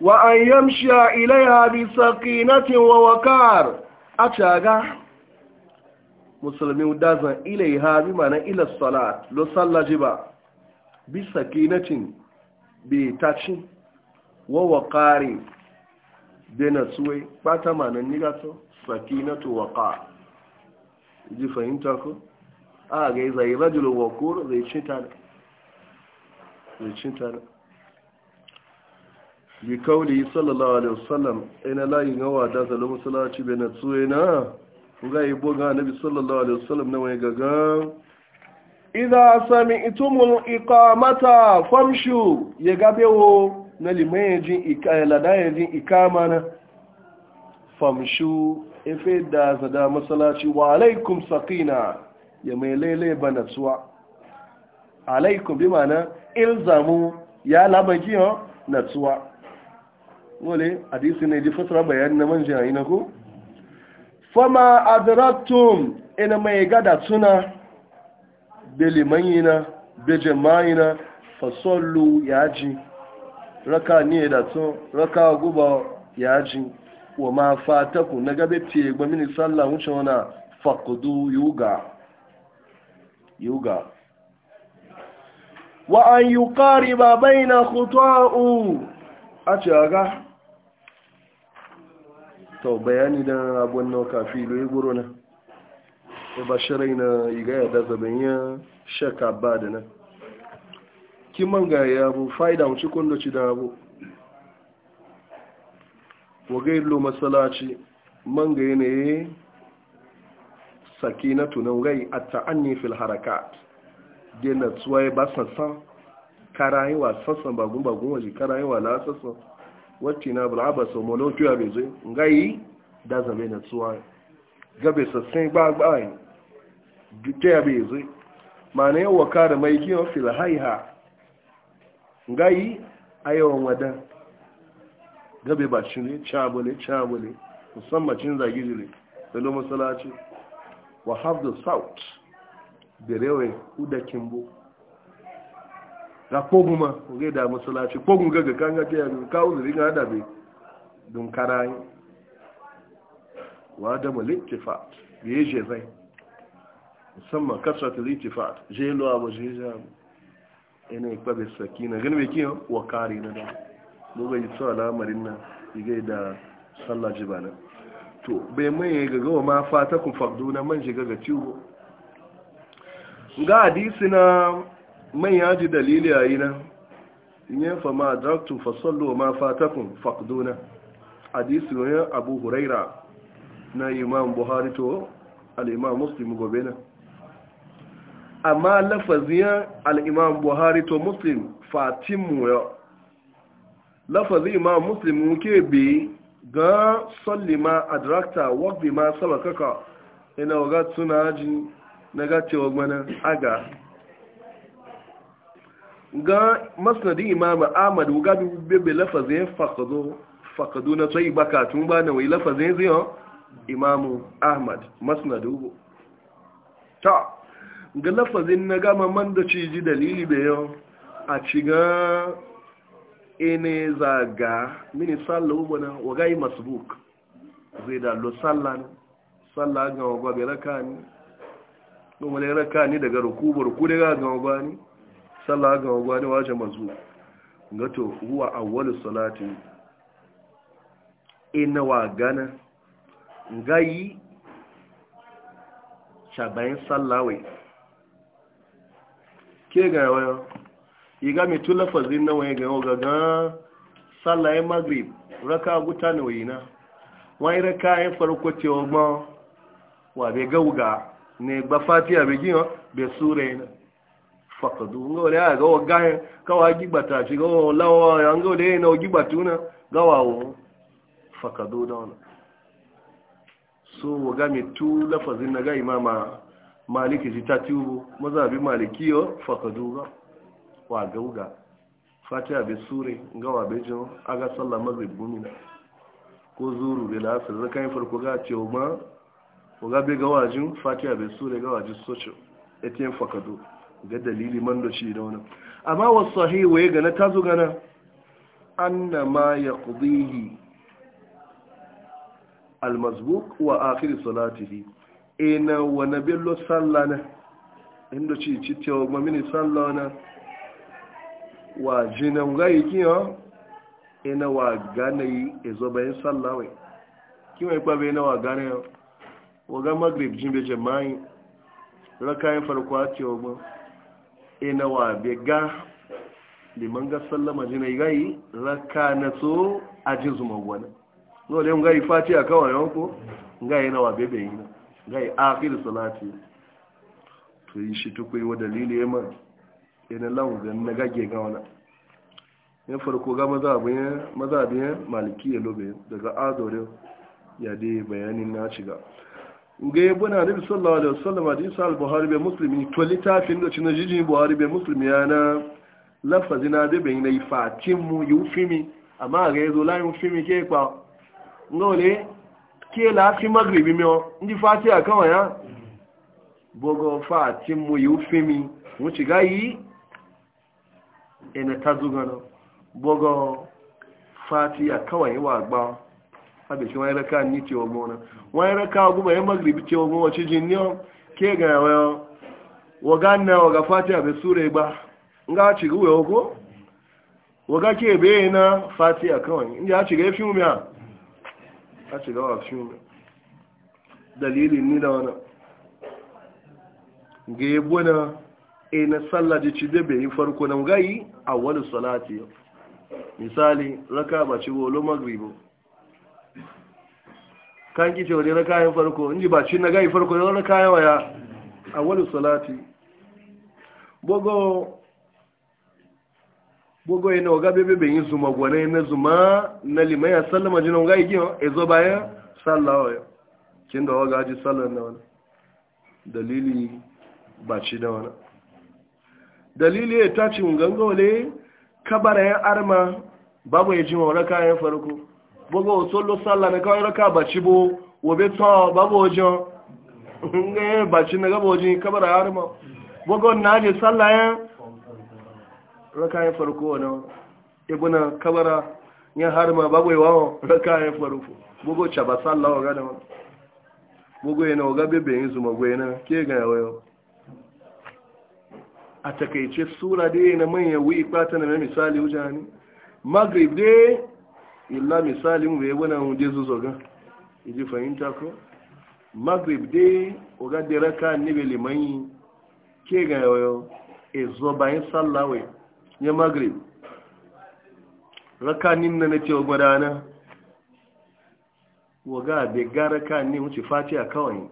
wa an yamsha ilaiha bi sakinatin wa wakar a caga musulmi dazan ilaiha bi mana ila salat lo sallaji ba bi sakinatin bi ta wa wawakari. dena suwai bata manan ni gato sakinatu waqa ji fahimta ko a ga zai rajul waqur zai cinta zai cinta bi kauli sallallahu alaihi wasallam ina la yin wa da zalu musallaci bena suwai na ga yi ga nabi sallallahu alaihi wasallam na wai gaga idza sami'tumul iqamata famshu ya wo? na liman jin ikama na famshu efe da zada masalaci wa alaikum sakina ya mai laile ba natsuwa alaikum bi mana ilzamu ya labaki na natsuwa wale hadisi ne ji fasara bayan na manjiya yi na ku fama adiratum ina mai gada tuna da liman da na fasollu ya ji raka ni da to raka guba yaji wa ma fataku na gabe fiye gba mini sallah wuce wana fakudu yuga yuga wa an yi ƙari ba bai na a ce aga to bayani da abuwan na kafi iloyi guru na ba shirai na igaya da zaben yin shaka ba da nan man ga ya bu fa'ida mu cikin da ci da bu wagai lo masalaci man ga yanayi sakinatu nan gai a ta'anni fil harakat gina tsuwaye ba sassan karayewa sassan bagun-bagun waje karayewa na sassan wacce na bulaba sau molokiya bai zai gai da zame na tsuwaye gabe sassan gbagbayin ta yabe zai ma na wa kare mai gina fil haiha gayi a yawan wada gabe ba shi ne cabule cabule musamman cin zagiri ne da lo masalaci wa have the south da rewe uda kimbo ga kogu ma ga da masalaci kogun gaga ga kan ga ta yi kawo zuri ga da bai don karayi wa da malittifat ya yi jezai musamman kasar ta litifat je lo abu je jamu Ina ikpa bai saki na gani bai kiyo wa kari na da muga yi tsawa lamarin na igai da sallah ji na. to bai mai ga gawa ma fata kun fardu na man shiga ga ciwo ga hadisi na man ya ji dalili a yi na yin fa ma draktu fasallo ma fata kun fardu na hadisi wani abu huraira na imam buhari to al-imam muslim gobe na amma lafaziyar al'imam buhari to muslim fatimu ya lafazi imam muslim muke bi ga sallima a drakta wakbi ma sabakaka ina waga tuna ji na gacewa gwanin aga ga masnadin imam ahmad wuga bebe lafazin fakado fakado na tsayi baka tun ba na wai lafazin ziyan imam ahmad masnadu ta ga lafazin na gama man da ci ji dalili da yau a ciga ene zaga mini sallah na wagayi yi buk zai da lo sallah ne sallah ga wagwa bai raka ni don wani raka ni daga rukubu ruku daga ga wagwa ni sallah ga wagwa ni wajen masu gato huwa wani salatin ina wa gana gayi shabayin sallawai ke ga yawan iga mai tun lafazin na wani gawo ga gan sallaye magrib raka guta na wayina wani raka ya farko cewa ma wa bai gauga ne ba fatiya bai gina bai sura yana fakadu nga wale ah, ya gawa gayan kawa gibata shi gawa lawa ya nga wale ya nawa gibatu na gawa wo fakadu da wani so wa ga mai tun lafazin na ga imama maliki ji ta tubu mazabi malikiyo fakaduga wa gauga fatiha bi sure gawa bi jin aga sallah maghrib gumi ko zuru bi lasir yin farko ga cewa ma ko ga bi gawa jin fatiha bi sure gawa ji socho etin fakadu ga dalili man do shi da wannan amma was waye ga gana tazo gana anna ma yaqdihi al-mazbuq wa akhir salatihi ina wane bello sallah na inda ci ci tewa ma mini sallah na wa jinan gayi ina wa gane yi ezo bayan sallah wai kiwa ikwa bai na wa gane ya waga magrib jimbe bai raka yin farko a tewa ma ina wa bai ga liman ga sallama jina gayi raka na so a jin zuma wani dole yin gayi fati a kawai yanko gayi na wa bebe yi na gai akhir salati to yi shi tukwai wa dalili ya man yana laugan na gage ga wala ya farko ga maza biyan maliki ya lobe daga adore ya dai bayanin na shiga ga yi na nabi sallallahu alaihi wasallam da isa al-buhari bai musulmi to littafin da cin jijin buhari bai musulmi ya na lafazi na bai na yi mu amma ga yi zo layin ke kwa ngole ke lafi magribi mewa ndị fati a kawai ya bogo fati mu yi ufemi wuce gayi ina ta zugana bogo fati a kawai wa gba abe shi wani raka ni cewa na wani raka guma ya magribi cewa gona wace jin yau ke ga yawa waga na waga fati a sure ba nga ci guwe ko waga ke na fati a kawai inda ya ci ga ya fi umiya a shiga wa shi dalilin ni da wani ga yi buna e na sallaji ci da bai yi farko na gayi a wani salati misali raka ba ci wolo magribo kan ki ce wani raka yin farko inji ba ci na gayi farko yau raka yawa ya a wani salati bugo bugo ina oga bebe be yi zuma gwane na zuma na limaya sallama jina oga yi gina ezo baya sallawa ya kin da oga ji salla na wani dalili ba na da wani dalili ya ta ci nganga wale kabara ya arma babu ya ji wa raka ya farko bugo o salla sallah na kawai raka ba ci bo wabe ta babu wajen ne ba na gaba wajen kabara ya arma bugo na je salla ya raka ya farko wani ibuna kabara ya harma babu yawa raka ya farko bugo chaba sallawa ga da bugo yana ga bebe yin zuma go yana ke ga yawa a takaice sura dai na manya wi kwata na misali wujani maghrib dai illa misali mu bai bana mu zuzo ga iji fahimta ko maghrib dai oga de raka ne be limanyi ke ga yawa ezo bayan sallawa ya maghrib rakanin na na ce gwadana waga bai ga rakanin wuce fatiha kawai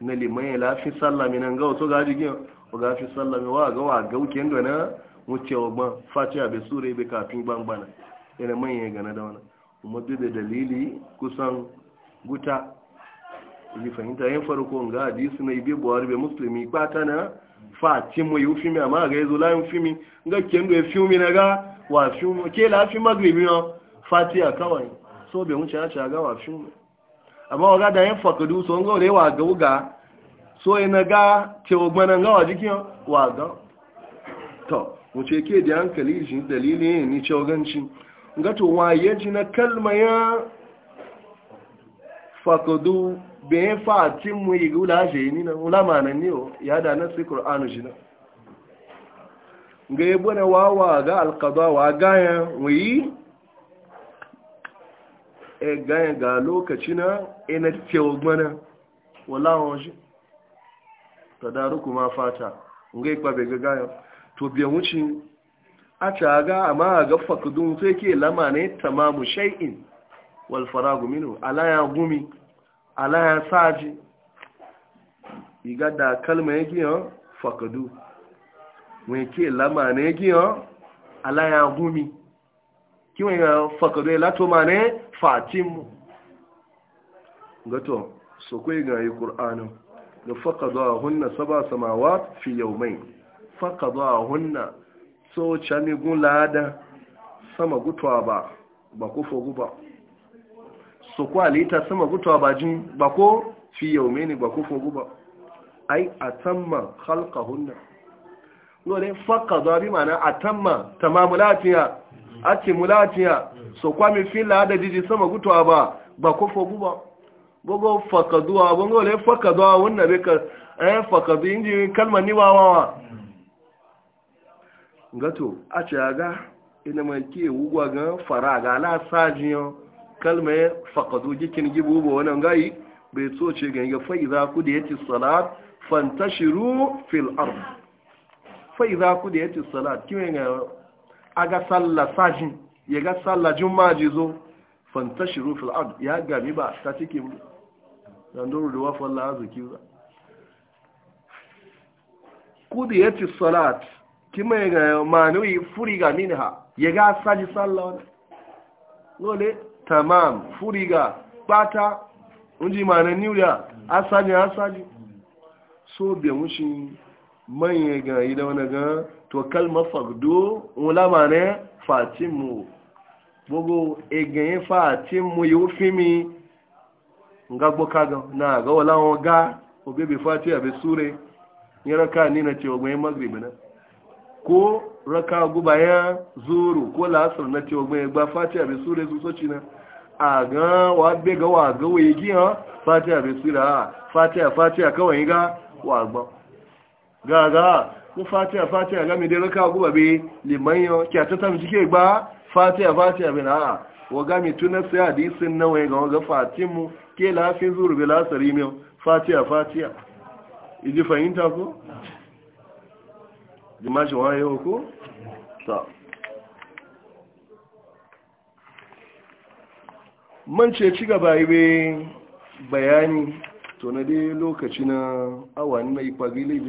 na liman ya lafi sallami nan ga wato gaji gina ga fi sallami wa ga wa ga wuke ndo na wuce wa fatiha bai sura bai kafin bana, yana manyan gana da wani kuma duk da dalili kusan guta yi fahimta yin farko ga hadisi na ibe buhari bai musulmi kwata na fa ti mo yiwu fimi ama ga ezo la fimi nga kendo e na ga wa fimi ke la fimi magribi no fati akawa so be mu cha cha ga wa fimi amma wa ga da yin fakadu so nga le wa ga uga so ina ga te ogbana nga wa jikin wa ga to mu ce ke da hankali shi dalili ni ce oganci nga to wa yaji na kalma ya fakadu bai fatin mu yi gula shi ni na ulama nan ne ya da na sai qur'anu shi na ga yabo na wawa ga alqada wa ga ya wi e ga ya ga lokaci na ina e cewa mana wallahi shi tadaruku ma fata ngai kwa be ga ya to biya wuci a ta ga amma ga fakdun sai ke lama ne tamamu shay'in wal faragu minhu ala ya gumi alaha saji iga kalma ya yan fakadu wọ́n lama ne yake yan aláya gumi ki wani fakadu ya lato ma ne fatimu Gato, so sọkọ́ ga yi kùránù da a hunna saba samawa fi yau mai a hunna so canigun lada sama gutuwa ba ba kufo guba su kwalita sama gutuwa bajin ba ko fi yau meni ba kufin guba ai a tamma halka hunna lori faka zuwa bi mana a tamma ta tamamulatiya a ce mulatiya su kwami fila da jiji sama gutuwa ba ba kufin guba gogo faka zuwa gbogbo lori faka zuwa wunna bai ka ɗaya eh, faka zuwa inji kalmar ni wawawa gato a ce ya ga ina mai ke wugwa ga fara ga ala sajiyan kalma ya faƙadu gikin gibu ba wani gayi bai so ce ganga fa'iza ku da ya ci salat fantashiru fil ard fa'iza ku da ya ci salat kiwon A aga salla sajin ya ga sallah jumaji zo fantashiru fil ard ya gami ba ta cikin duru da wafan la'azuki ba ku da ya ci salat kima ya ga manuwi furi ga minha ya ga saji sallah wani tamam furiga pata unji mana niuya asaji asaji so biya mushi manye ga ida wani ga to kalma fagdo wula mana fatimu gbogbo egayen fatimu yi e ofi mi nga gboka ga na ga wala wọn ga obebe fati abe sure yana ka ni na ce ogbonyin magrib na ko raka guba ya zuru ko la'asar na cewa mai gba fatiha bai sura su soci na a ga wa be ga wa ga waye gi ha fatiha bai sura a Fati a kawai ga wa gba ga ga ko fatiha fatiha ga mi dai raka guba be liman yo kya ta tam jike gba a Fati bai na wa ga mi tuna sai hadisin na waye ga ga fatimu ke lafi zuru bai la'asar mi fatiha fatiha idi fahimta ko jimashi wa yau ko? ta man ce ci gaba yi bayani to na dai lokaci na awa mai ipagili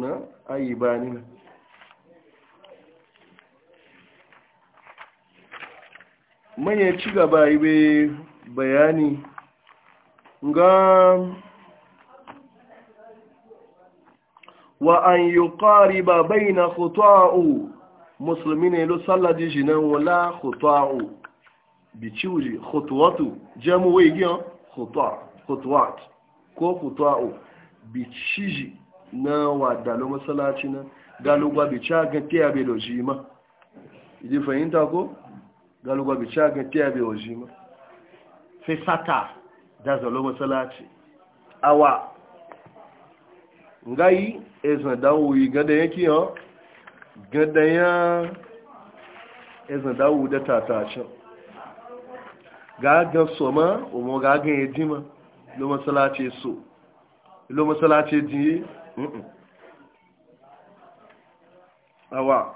na ayi bani na manya ci gaba yi bayani ga wa an yi ƙariba bai na hutu'a'u musulmi ne lo sallaji shi nan wala hutu'a'u bici wuji hutu'atu jemu wai giyan hutu'at ko hutu'a'u bici shi na wa dalo masalaci na galugwa bici a gan tiya bai doji ma idi fahimta ko galugwa bici a gan tiya bai doji ma sata da zalo masalaci awa ngai ezan dawo yi gada yake yan gada yan ezan dawo da tatacin gagan soma umu gagan ya jima lo masalace so lo masalace jiye awa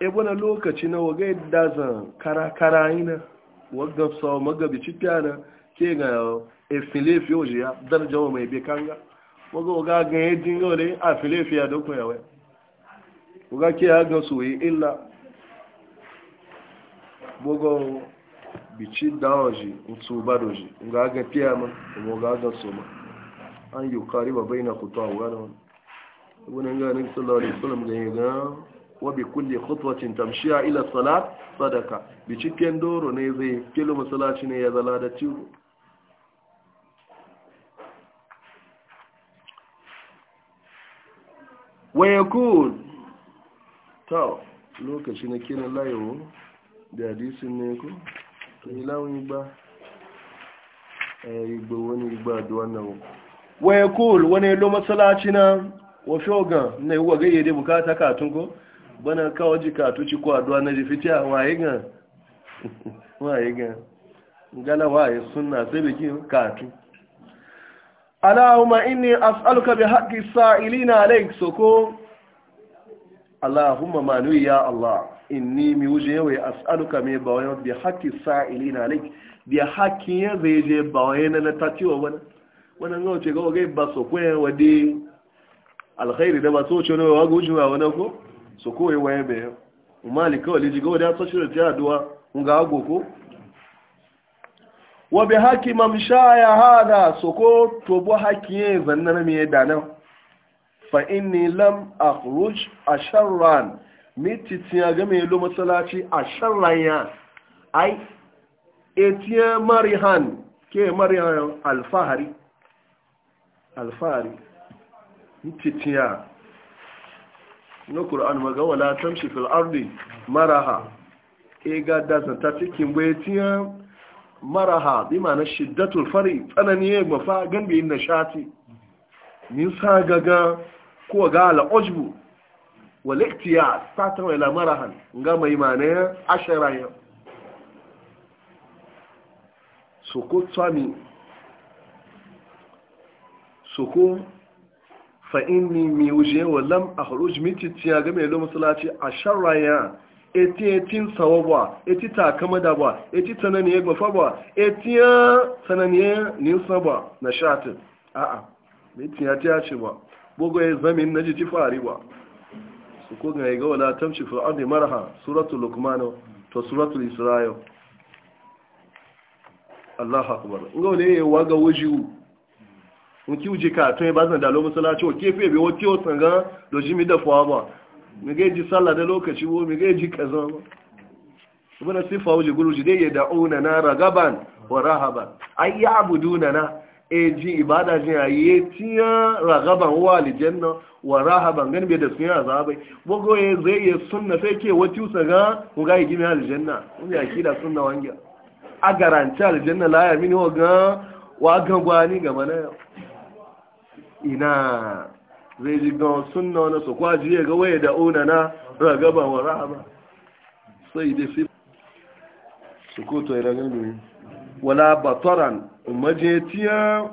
ebona lokaci na waga dazan kara-kara ina waga sau magabici fiye na ke ga efile fiye ojiya darjawa mai bekanga waga waga ga ya dinga ne a filefiya da kuma yawai waga ke ya ga su yi illa waga bici dawa ji mutu ba da ji waga ga ma waga ga su ma an yi kari ba bai na kuta waga da wani wani ga nabi sallallahu alaihi wasallam ga ya salat sadaka bici kendo ne zai masallaci ne ya zala da ويقول تو lokaci na kiran layewo da hadisin ne ku ilawun igba igba wani igba da wannan waya kowal wani ilo matsalaci na washogan na yi wagaye da bukata katun ku bana kawo ji katun ci kwaduwa na jifitiya waye gan (laughs) waye gan gala suna sai bikin katu Allahumma inni as'aluka bi haqqi sa'ilina alayk soko Allahumma manu ya Allah inni miuje wa as'aluka mi bawaya bi haqqi sa'ilina bi haqqi yaje bawaya na tatiwa wana wana ngo che go ge baso kwe wadi alkhair da baso che no wa guju wa wana ko soko e wa be umalika wali jigo da tsashiru ta duwa ngo ago ko wa bi haki ya hada soko to bu hakiye zannan me yadda nan fa inni lam akhruj asharran miti tiya ga me lo masallaci asharran ya ai etiya marihan ke marihan alfahari alfahari miti tiya no qur'an maga wala tamshi fil ardi maraha e ga da ta cikin baytiyan maraha bi ma'ana shiddatul fari tsanani ya mafa gambe yin nashati min sa gaga ko ga al'ajibu. wal iktiyar satan ila marahan ga mai ma'ana ashara ya soko tsami soko fa inni mi wuje wa lam a akhruj mititiya ga mai lo musalaci ashara ya eti etin sawa ba eti takama da ba eti sananiye gbafa ba eti sananiye nisa ba na shatin a'a mitin ya ta ce ba bugu ya zamin na ji fari ba su ko ga ga wala tamshi fi ardi maraha suratul luqman to suratul isra'il Allah akbar ngo ne wa ga wujiu mun ki uje ka to ba zan da lo musalaci o kefe be o ti o tanga do jimi da fuwa ba mi ga ji sallah da lokaci wo mi ga ji kaza ba ibn sifa wuji guruji dai ya da'una na ragaban wa rahaban ay ya'buduna na e ji ibada jin aye tiya ragaban wa aljanna wa rahaban gan be da sun ya zabai bogo ye zai ye sunna sai ke wati usaga ko ga gimi aljanna mun ya kida sunna wangiya a garanci aljanna la ya mini wa ga wa gangwani gaba na mana ina zai ji gawa sunna wani su kwaji ya ga waya da una na ragaba wa rahama sai da fi su koto ya ragar domin wala batoran majetiya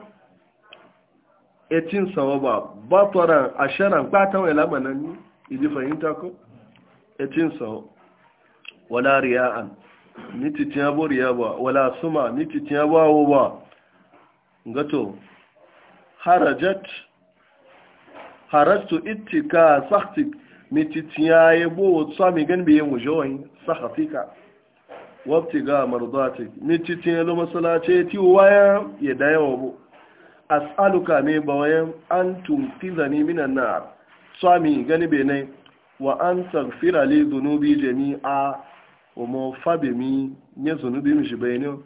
etin sawa ba batoran asharan kwatan wai lamanan ne iji fahimta ko etin sawa wala riya'an niti tiya bo riya ba wala suma niti tiya ba wo ba gato harajat harastu ittika sahtik mititiya ya bo tsa mi gan biye mu joyin sahatika wabti ga mardati mititiya lo masalace ti waya ya daya yawa bo as'aluka me bawayan an tumtizani minan nar tsa mi gan be ne wa an tagfira li dhunubi jami'a wa mo fabe mi ne zunubi mi shi bayani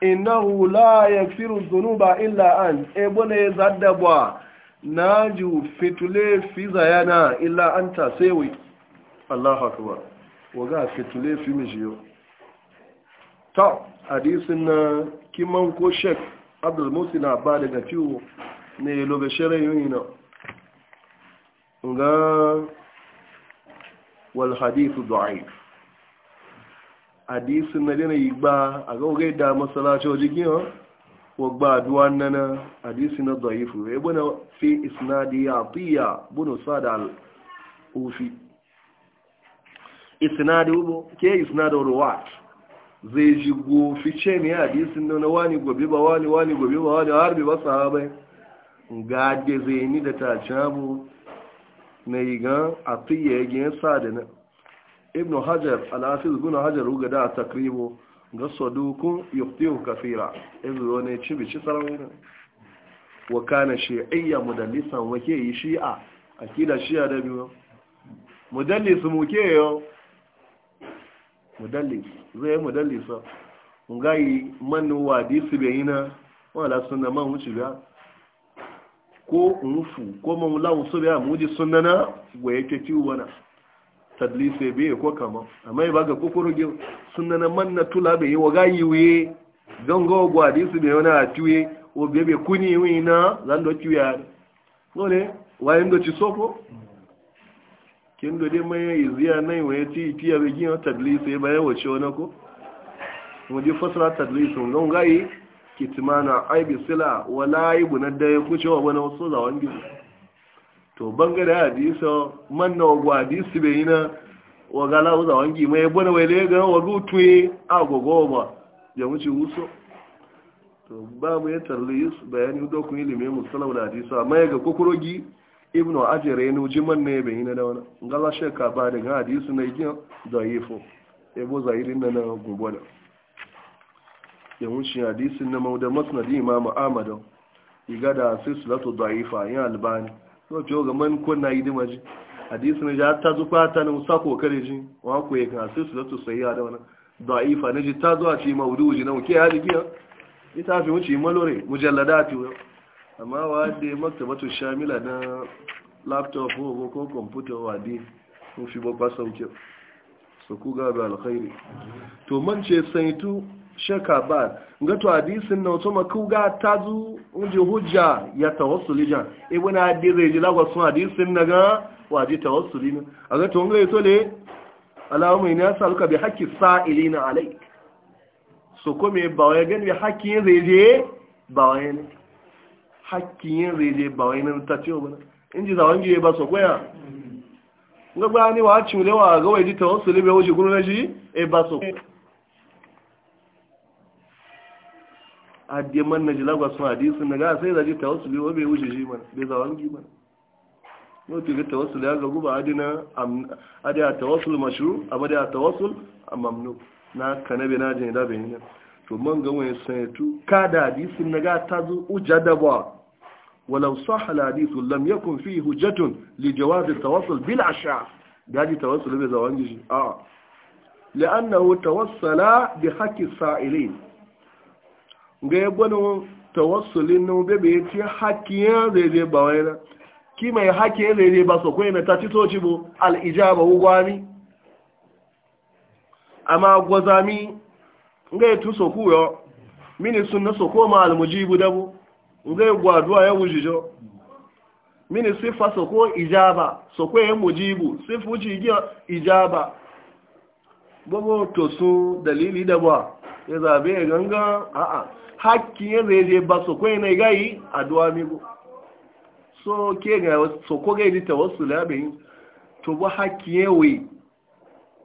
innahu la yaghfiru dhunuba illa an e bone zadda na ji fitule fiza yana illa an ta sewe allahu akbar waga fitule fi mijiyo ta hadisin na kiman ko shek abdulmusina ba daga ciwo ne lobe shirin yuni na ga hadisu da'if hadisin na dina yi ba a ga ogai da masalacin jikin wagba na nana hadisi na zaifu ya buna fi isnadi ya tiya bunu sada al'ufi isnadi ubo ke isnadi ruwat zai ji gofice ne hadisi na wani gobe ba wani wani gobe ba wani harbi ba sahabai ga da zai ni da tace na yi a ya gina sada ibn hajar a ga sadukun yuktiyu kafira izu wani ci bici sarauta wa kana shi'ayya mudallisan wake yi shi'a akida shi'a da biyo mudallis mu ke yo mudallis zai ga yi man wadi su bayina wala sunna man wuce ga ko unfu ko mun lawo su be mu ji sunna na waye ke ci wana tadlise be ko kama amma ba ga kokoro ge sunna na manna tula be wa ga yiwe gongo gwa disu be wona atiwe o be be kuni wina zando tiya ngole wa ndo ci soko kendo de mai iziya nai wa ti tiya be gin tadlise ba ya ci wona ko mu ji fasara tadlise ngon gai kitmana aibi sila wala aibu na da ku cewa wani wasu zawon gizo to bangare hadisa manna wa hadisi bai yi na wa gala uza wangi mai bane wai lega wa gutuye agogo ba ya wuce wuso to babu ya tarlis bayani da kun ilimi musallam da hadisa amma ya ga kokorogi ibnu ajir ya nuji manna ya bai yi na da wani gala shakka ba daga hadisi na yi da yifo ebo zahirin na na gubana ya wuce hadisin na mauda masnadi imam ahmad igada silsilatu da'ifa yin albani so ce ga man ko na yi dimaji hadisi na ja ta zuwa ta na musa ko kare ji wa ko ya kana sai su zato sai ya da wannan da'ifa na ji ta zuwa ci maudu ji na ke ya ji biya ita fi wuce malore mujalladati amma wa da maktabatu shamila na laptop ko ko computer wa di ko shi ba sauke su ku ga alkhairi to man ce saitu shaka ba ga to hadisin na wato makuga ta zu unje hujja ya tawassuli jan e ibn adire ji lagwa sun hadisin na ga waje tawassuli na a ga to ngai to le alamu ina saluka bi haqqi sa'ilina alayk so ko me ba wai gan bi haqqin reje ba wai ne haqqin reje ba wai ne ta ciwo bana inji zawan ji ba so koya mm. ngagba ni wa chule wa ga wai ji tawassuli be wuce na ji e ba so koya adde man na jilagwa sun hadisin na ga sai zaji tawassuli wa bai wuce shi mana bai zawan gi mana no ti ga tawassuli ya ga guba adina adina tawassul mashru amma da tawassul mamnu na kanabe na jin da bayin to man ga wani sanatu kada hadisin na ga ta zo ujada ba walau sah hadith lam yakun fihi hujjatun li jawaz at-tawassul bil asha daji tawassul bai zawan gi shi a لأنه توصل بحق السائلين ga yabon e tawassulin na bebe ya ce hakiyar e rere ba wani na ki mai e hakiyar rere ba su kwaye na ta ci soci bu al'ijaba ugwami amma gwazami ga yi tun soku yau mini sun na soko ma almujibu dabu ga yi gwaduwa ya wujijo mini sifa soko ijaba soko ya mujibu sifu ci ijaba gbogbo to su dalili a. ya zabe ya ganga a'a hakkin ya zai je ba so kwai na gayi addu'a mi go so ke ga so ko ga dita wasu labin to ba hakkin ya we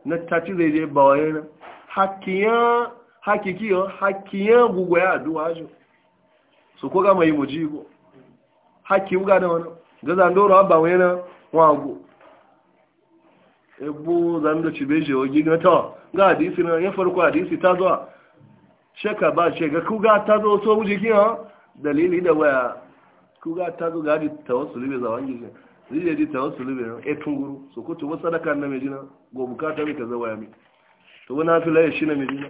na tati zai je ba wayana hakkin ya hakiki yo hakkin ya gugu ya addu'a jo so ko ga mai mujibo hakkin ga da wannan ga zandoro ba wayana na go ebu zan da cibe je o tawa ga hadisi na ya farko hadisi ta zuwa shaka ba ce ga kuga ta zo so wuce kiyan dalili da waya kuga ta zo ga di tawassuli be zawan gije zije di tawassuli be e tunguru so ko tuba sadaka na me jina go bukata mi kaza waya mi to wana fi laye shi na me jina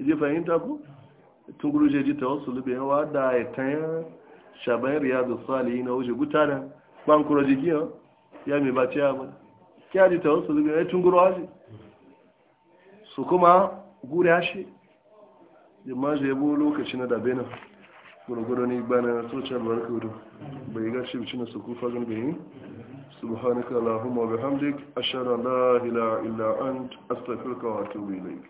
je fahimta ko tunguru je di tawassuli be wa da ya tan shaban riyadu salihin wuce gutana ban kuro ji kiyan ya mi ba ciya ba kiya di tawassuli be e tunguru aji su kuma gure shi jama'a ya bu lokaci na dabe na gwargwaro ne ba na social da bai ga shi bicina su kufa gan bayi subhanaka allahumma wa bihamdik ashhadu la ilaha illa ant astaghfiruka wa atubu ilayk